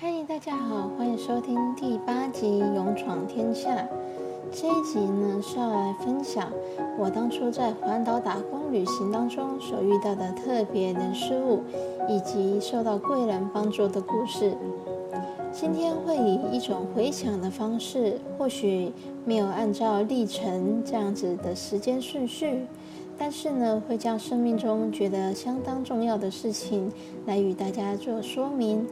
嗨，大家好，歡迎收聽第八集《勇闖天下》。這一集呢是要來分享我當初在環島打工旅行當中所遇到的特別人事物，以及受到貴人幫助的故事。今天會以一種回想的方式，或許沒有按照歷程這樣子的時間順序，但是呢，會將生命中覺得相當重要的事情來與大家做說明。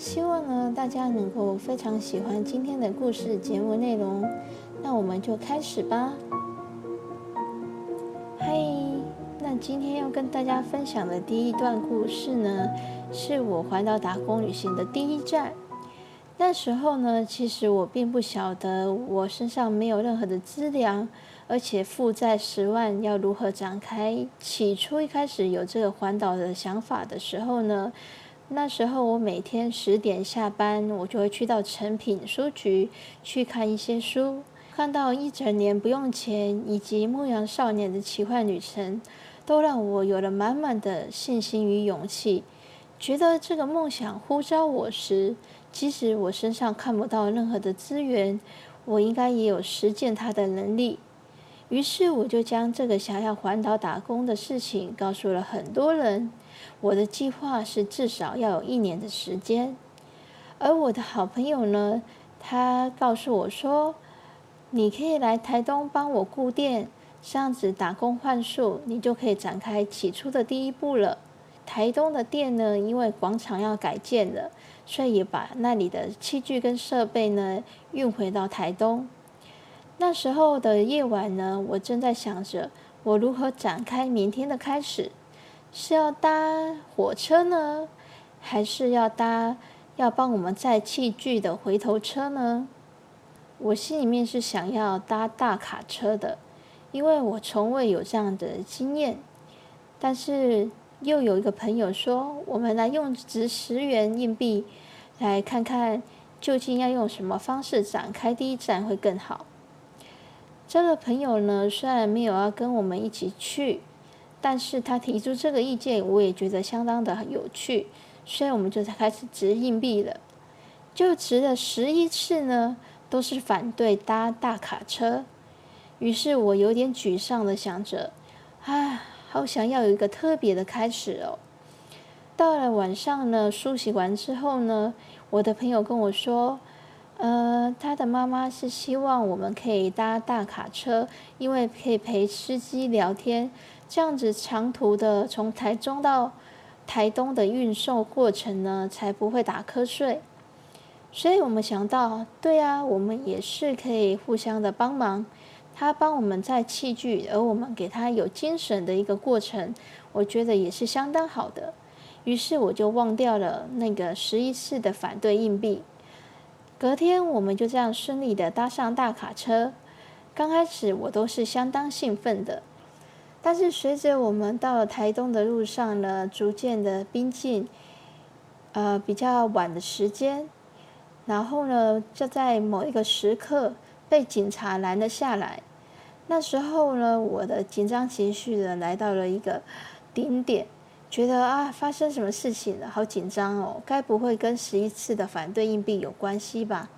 希望呢，大家能夠非常喜歡今天的故事節目內容。那我們就開始吧。嗨，那今天要跟大家分享的第一段故事呢，是我環島打工旅行的第一站。那時候呢，其實我並不曉得我身上沒有任何的資糧，而且負債十萬要如何展開。起初一開始有這個環島的想法的時候呢。那時候我每天十點下班，我就會去到誠品書局去看一些書。看到《一整年不用錢》以及《牧羊少年的奇幻旅程》，都讓我有了滿滿的信心與勇氣。覺得這個夢想呼召我時，即使我身上看不到任何的資源，我應該也有實踐它的能力。於是我就將這個想要環島打工的事情告訴了很多人。我的計劃是至少要有一年的時間，而我的好朋友呢，他告訴我說，你可以來台東幫我顧店，這樣子打工換宿，你就可以展開起初的第一步了。台東的店呢，因為廣場要改建了，所以也把那裡的器具跟設備呢運回到台東。那時候的夜晚呢，我正在想着我如何展開明天的開始。是要搭火車呢，還是要搭要幫我們載器具的回頭車呢？我心裡面是想要搭大卡車的，因為我從未有這樣的經驗。但是又有一個朋友說，我們來用擲十元硬幣來看看，究竟要用什麼方式展開第一站會更好。這個朋友呢，雖然沒有要跟我們一起去，但是他提出這個意見，我也覺得相當的很有趣。所以我們就開始擲硬幣了，就擲了十一次呢，都是反對搭大卡車。於是我有點沮喪的想着：“啊，好想要有一個特別的開始哦。”到了晚上呢，梳洗完之後呢，我的朋友跟我說：“呃，他的媽媽是希望我們可以搭大卡車，因為可以陪司機聊天。”這樣子長途的從台中到台東的運送過程呢，才不會打瞌睡。所以我們想到，對啊，我們也是可以互相的幫忙。他幫我們載器具，而我們給他有精神的一個過程，我覺得也是相當好的。於是我就忘掉了那個十一次的反對硬幣。隔天我們就這樣順利的搭上大卡車。剛開始我都是相當興奮的。但是隨着我們到了台東的路上呢，逐漸的逼近，呃，比較晚的時間，然後呢，就在某一個時刻被警察攔了下來。那時候呢，我的緊張情緒呢，來到了一個頂點，覺得啊，發生什麼事情了？好緊張哦，該不會跟十一次的反對硬幣有關係吧？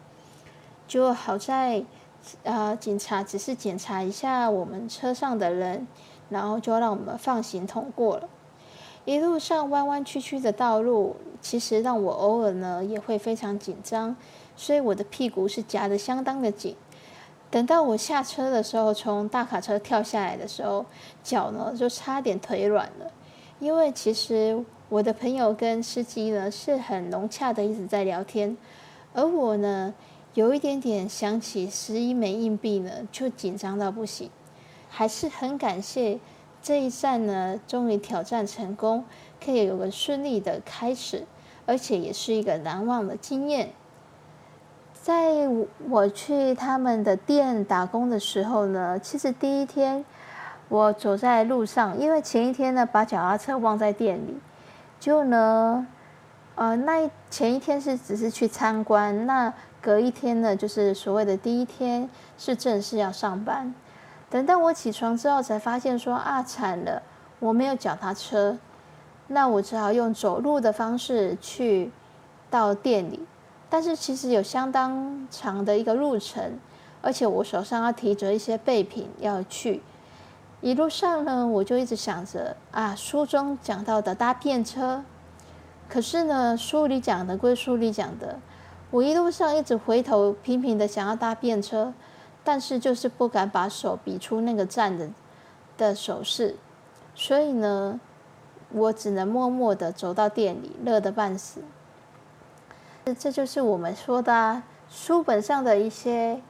就好在，呃，警察只是檢查一下我們車上的人。然後就讓我們放行通過了。一路上彎彎曲曲的道路，其實讓我偶爾呢也會非常緊張，所以我的屁股是夾得相當的緊。等到我下車的時候，從大卡車跳下來的時候，腳呢就差點腿軟了，因為其實我的朋友跟司機呢是很融洽的，一直在聊天，而我呢有一點點想起十一枚硬幣呢，就緊張到不行。還是很感謝這一站呢，終於挑戰成功，可以有個順利的開始，而且也是一個難忘的經驗。在我去他們的店打工的時候呢，其實第一天我走在路上，因為前一天呢把腳踏車忘在店裡，就呢，呃，那前一天是只是去參觀，那隔一天呢就是所謂的第一天是正式要上班。等到我起床之後，才發現說啊慘了，我沒有腳踏車，那我只好用走路的方式去到店裡。但是其實有相當長的一個路程，而且我手上要提着一些備品要去。一路上呢，我就一直想着啊，書中講到的搭便車，可是呢，書裡講的歸書裡講的，我一路上一直回頭，頻頻的想要搭便車。但是就是不敢把手比出那個站的的手勢，所以呢，我只能默默的走到店裡，樂得半死。這這就是我們說的，啊，書本上的一些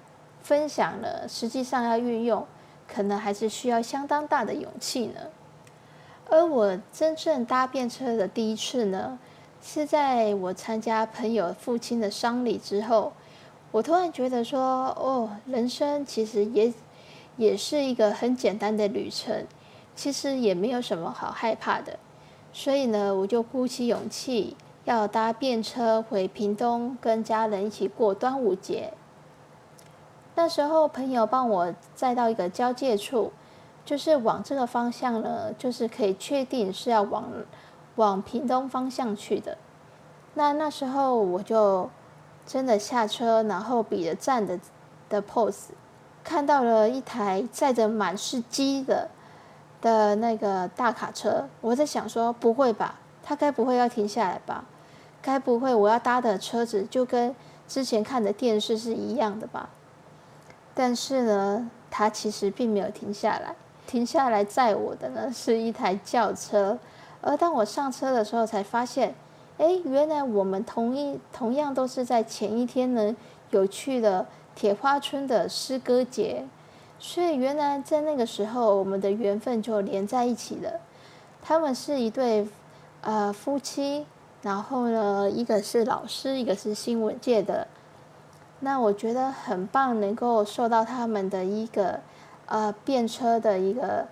分享了，實際上要運用，可能還是需要相當大的勇氣呢。而我真正搭便車的第一次呢，是在我參加朋友父親的喪禮之後。我突然覺得說，哦，人生其實也，也是一個很簡單的旅程，其實也沒有什麼好害怕的，所以呢，我就鼓起勇氣要搭便車回屏東，跟家人一起過端午節。那時候朋友幫我載到一個交界處，就是往這個方向呢，就是可以確定是要往，往屏東方向去的。那那時候我就。真的下車，然後比着站的的 pose，看到了一台載着滿是雞的的那個大卡車。我在想說，不會吧？它該不會要停下來吧？該不會我要搭的車子就跟之前看的電視是一樣的吧？但是呢，它其實並沒有停下來。停下來載我的呢是一台轎車，而當我上車的時候才發現。哎，原來我們同一同樣都是在前一天呢，有去了鐵花村的詩歌節，所以原來在那個時候，我們的緣分就連在一起了。他們是一對呃夫妻，然後呢，一個是老師，一個是新聞界的。那我覺得很棒，能夠受到他們的一個呃便車的一個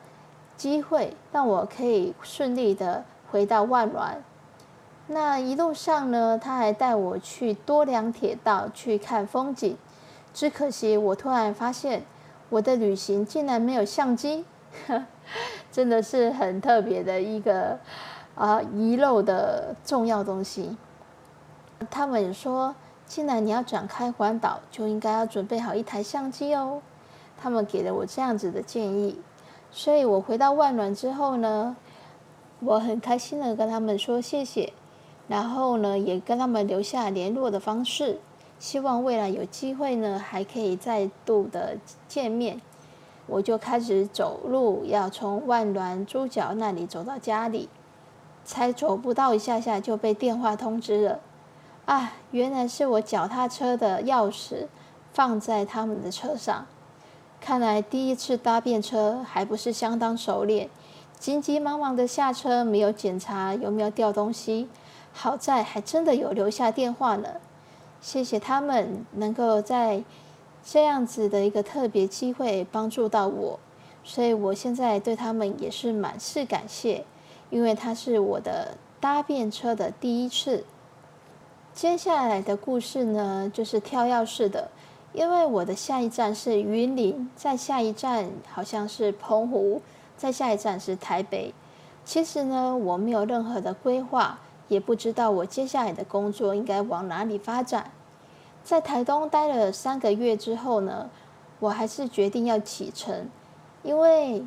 機會，讓我可以順利的回到萬巒。那一路上呢，他還帶我去多良鐵道去看風景。只可惜我突然發現，我的旅行竟然沒有相機，呵，真的是很特別的一個啊遺漏的重要東西。他們說，既然你要展開環島，就應該要準備好一台相機哦。他們給了我這樣子的建議，所以我回到萬巒之後呢，我很開心的跟他們說謝謝。然後呢，也跟他們留下聯絡的方式，希望未來有機會呢，還可以再度的見面。我就開始走路，要從萬巒豬腳那裡走到家裡，才走不到一下下就被電話通知了。啊，原來是我腳踏車的鑰匙放在他們的車上，看來第一次搭便車還不是相當熟練，急急忙忙的下車，沒有檢查有沒有掉東西。好在還真的有留下電話呢，謝謝他們能夠在這樣子的一個特別機會幫助到我，所以我現在對他們也是滿是感謝，因為他是我的搭便車的第一次。接下來的故事呢，就是跳躍式的，因為我的下一站是雲林，再下一站好像是澎湖，再下一站是台北。其實呢，我沒有任何的規劃。也不知道我接下來的工作應該往哪裡發展。在台東待了三個月之後呢，我還是決定要啟程，因為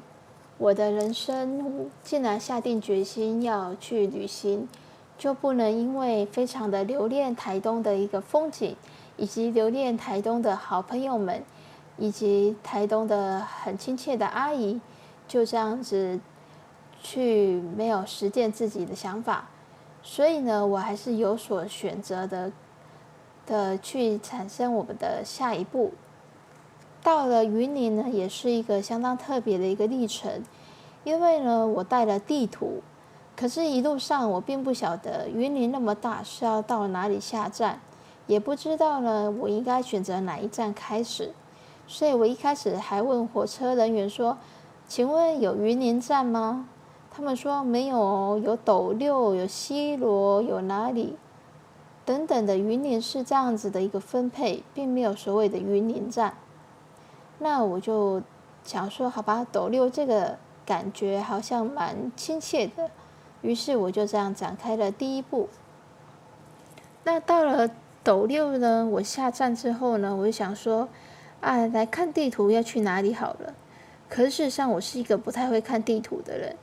我的人生既然下定決心要去旅行，就不能因為非常的留戀台東的一個風景，以及留戀台東的好朋友們，以及台東的很親切的阿姨，就這樣子去沒有實踐自己的想法。所以呢，我還是有所選擇的，的去產生我們的下一步。到了雲林呢，也是一個相當特別的一個歷程，因為呢，我帶了地圖，可是一路上我並不曉得雲林那麼大是要到哪裡下站，也不知道呢，我應該選擇哪一站開始，所以我一開始還問火車人員說：“請問有雲林站嗎？”他們說沒有，有斗六，有西螺，有哪裡等等的雲林是這樣子的一個分配，並沒有所謂的雲林站。那我就想說，好吧，斗六這個感覺好像蠻親切的。於是我就這樣展開了第一步。那到了斗六呢？我下站之後呢，我就想說，啊，來看地圖要去哪裡好了。可是事實上，我是一個不太會看地圖的人。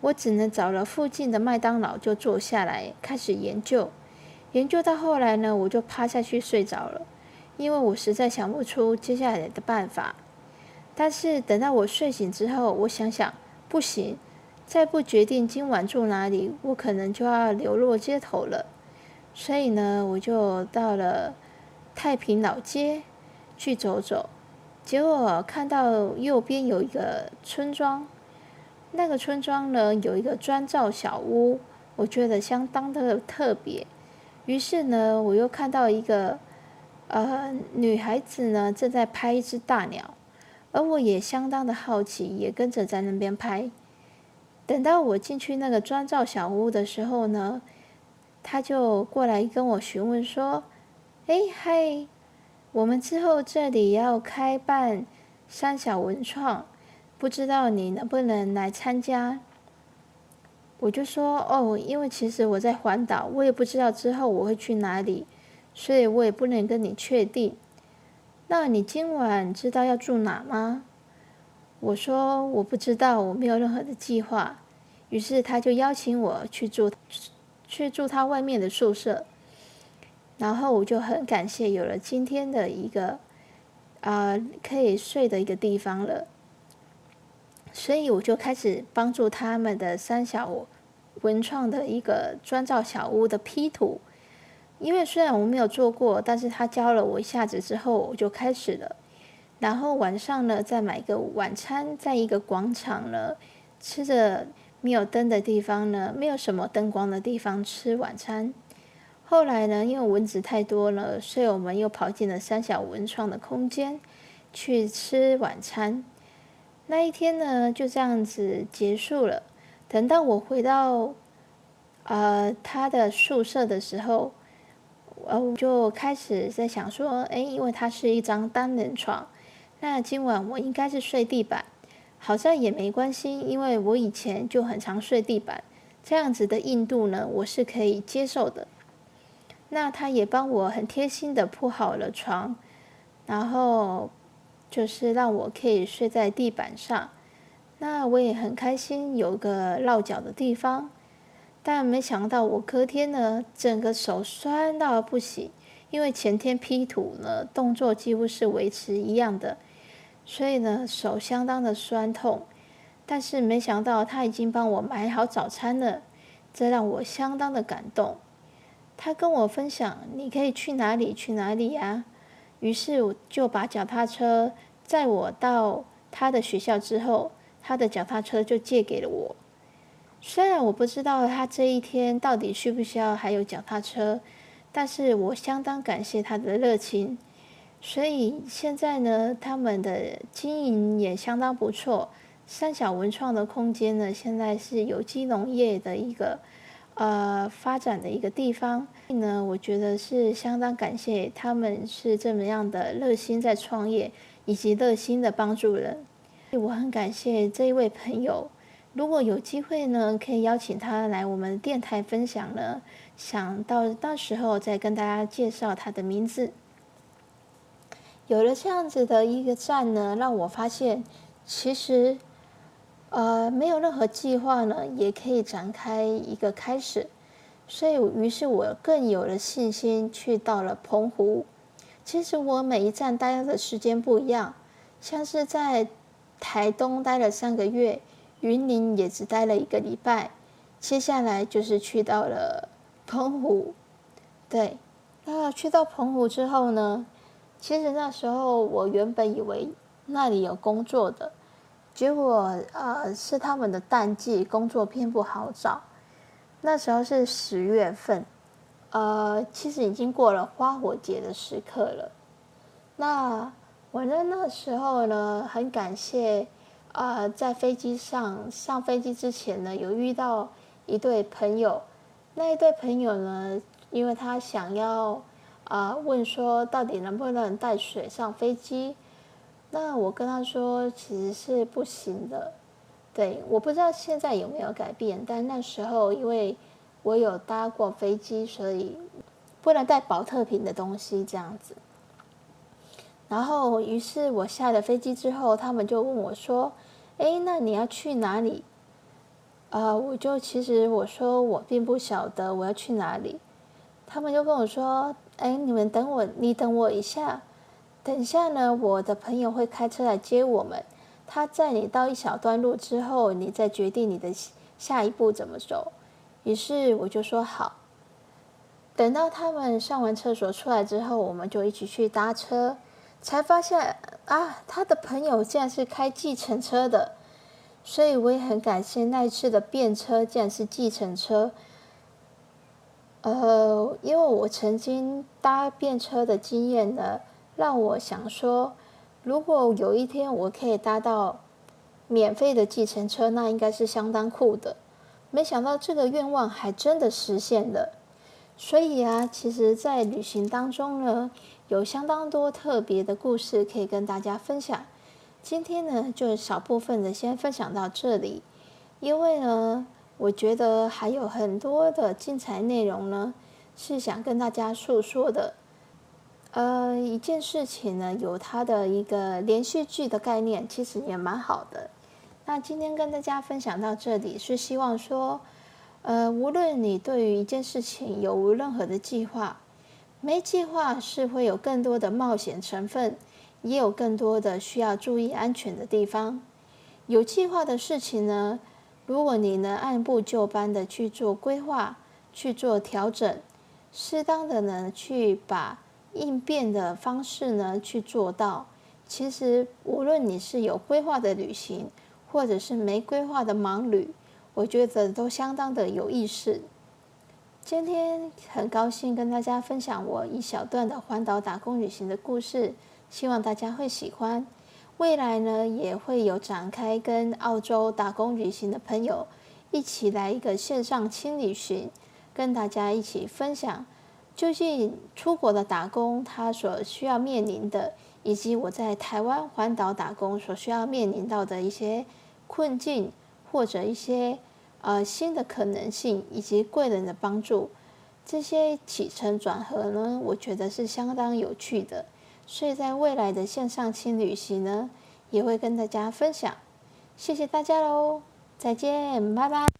我只能找了附近的麥當勞，就坐下來開始研究。研究到後來呢，我就趴下去睡着了，因為我實在想不出接下來的辦法。但是等到我睡醒之後，我想想，不行，再不決定今晚住哪裡，我可能就要流落街頭了。所以呢，我就到了太平老街去走走，結果看到右邊有一個村莊。那個村莊呢，有一個磚造小屋，我覺得相當的特別。於是呢，我又看到一個呃女孩子呢，正在拍一隻大鳥，而我也相當的好奇，也跟着在那邊拍。等到我進去那個磚造小屋的時候呢，他就過來跟我詢問說：“哎嗨，Hi, 我們之後這裡要開辦三小文創。”不知道你能不能來參加？我就說哦，因為其實我在環島，我也不知道之後我會去哪裡，所以我也不能跟你確定。那你今晚知道要住哪嗎？我說我不知道，我沒有任何的計劃。於是他就邀請我去住去住他外面的宿舍，然後我就很感謝有了今天的一個啊，呃，可以睡的一個地方了。所以我就開始幫助他們的三小文創的一個磚造小屋的批土，因為雖然我沒有做過，但是他教了我一下子之後我就開始了。然後晚上呢，再買一個晚餐，在一個廣場呢，吃着沒有燈的地方呢，沒有什麼燈光的地方吃晚餐。後來呢，因為蚊子太多了，所以我們又跑進了三小文創的空間去吃晚餐。那一天呢，就這樣子結束了。等到我回到呃他的宿舍的時候，我就開始在想說，哎、欸，因為他是一張單人床，那今晚我應該是睡地板，好像也沒關係，因為我以前就很常睡地板，這樣子的硬度呢，我是可以接受的。那他也幫我很貼心的鋪好了床，然後。就是讓我可以睡在地板上，那我也很開心有個落腳的地方。但沒想到我隔天呢，整個手酸到了不行，因為前天 P 圖呢，動作幾乎是維持一樣的，所以呢手相當的酸痛。但是沒想到他已經幫我買好早餐了，這讓我相當的感動。他跟我分享，你可以去哪裡去哪裡呀、啊？於是我就把腳踏車，在我到他的學校之後，他的腳踏車就借給了我。雖然我不知道他這一天到底需不需要還有腳踏車，但是我相當感謝他的熱情。所以現在呢，他們的經營也相當不錯。三小文創的空間呢，現在是有機農業的一個。呃，發展的一個地方，所以呢，我覺得是相當感謝他們是這麼樣的熱心在創業，以及熱心的幫助人。所以我很感謝這一位朋友，如果有機會呢，可以邀請他來我們電台分享呢，想到到時候再跟大家介紹他的名字。有了這樣子的一個站呢，讓我發現其實。呃，沒有任何計劃呢，也可以展開一個開始，所以，於是我更有了信心去到了澎湖。其實我每一站待的時間不一樣，像是在台東待了三個月，雲林也只待了一個禮拜。接下來就是去到了澎湖，對。那去到澎湖之後呢，其實那時候我原本以為那裡有工作的。結果，呃，是他們的淡季，工作偏不好找。那時候是十月份，呃，其實已經過了花火節的時刻了。那我在那時候呢，很感謝，呃，在飛機上上飛機之前呢，有遇到一對朋友。那一對朋友呢，因為他想要，啊、呃，問說到底能不能帶水上飛機？那我跟他說，其實是不行的。對，我不知道現在有沒有改變，但那時候因為我有搭過飛機，所以不能帶寶特瓶的東西這樣子。然後，於是我下了飛機之後，他們就問我說：“哎、欸，那你要去哪裡？”啊、呃，我就其實我說我並不曉得我要去哪裡。他們就跟我說：“哎、欸，你們等我，你等我一下。”等一下呢，我的朋友會開車來接我們。他載你到一小段路之後，你再決定你的下一步怎麼走。於是我就說好。等到他們上完廁所出來之後，我們就一起去搭車。才發現啊，他的朋友竟然是開計程車的。所以我也很感謝那一次的便車，竟然是計程車。呃，因為我曾經搭便車的經驗呢。讓我想說，如果有一天我可以搭到免費的計程車，那應該是相當酷的。沒想到這個願望還真的實現了。所以啊，其實，在旅行當中呢，有相當多特別的故事可以跟大家分享。今天呢，就少部分的先分享到這裡，因為呢，我覺得還有很多的精彩內容呢，是想跟大家訴說的。呃，一件事情呢，有它的一個連續劇的概念，其實也蠻好的。那今天跟大家分享到這裡，是希望說，呃，無論你對於一件事情有無任何的計劃，沒計劃是會有更多的冒險成分，也有更多的需要注意安全的地方。有計劃的事情呢，如果你能按部就班的去做規劃，去做調整，適當的呢，去把。應變的方式呢，去做到。其實無論你是有規劃的旅行，或者是沒規劃的盲旅，我覺得都相當的有意思。今天很高興跟大家分享我一小段的環島打工旅行的故事，希望大家會喜歡。未來呢，也會有展開跟澳洲打工旅行的朋友一起來一個線上輕旅行，跟大家一起分享。究竟出國的打工，他所需要面臨的，以及我在台灣環島打工所需要面臨到的一些困境，或者一些呃新的可能性，以及貴人的幫助，這些起承轉合呢，我覺得是相當有趣的。所以在未來的線上輕旅行呢，也會跟大家分享。謝謝大家嘍，再見，拜拜。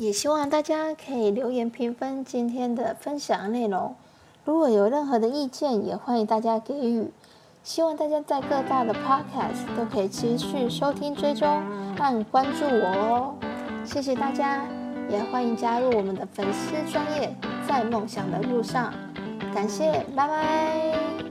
也希望大家可以留言評分今天的分享的內容，如果有任何的意見，也歡迎大家給予。希望大家在各大的 Podcast 都可以持續收聽追蹤，按關注我哦。謝謝大家，也歡迎加入我們的粉絲專頁，在夢想的路上。感謝，拜拜。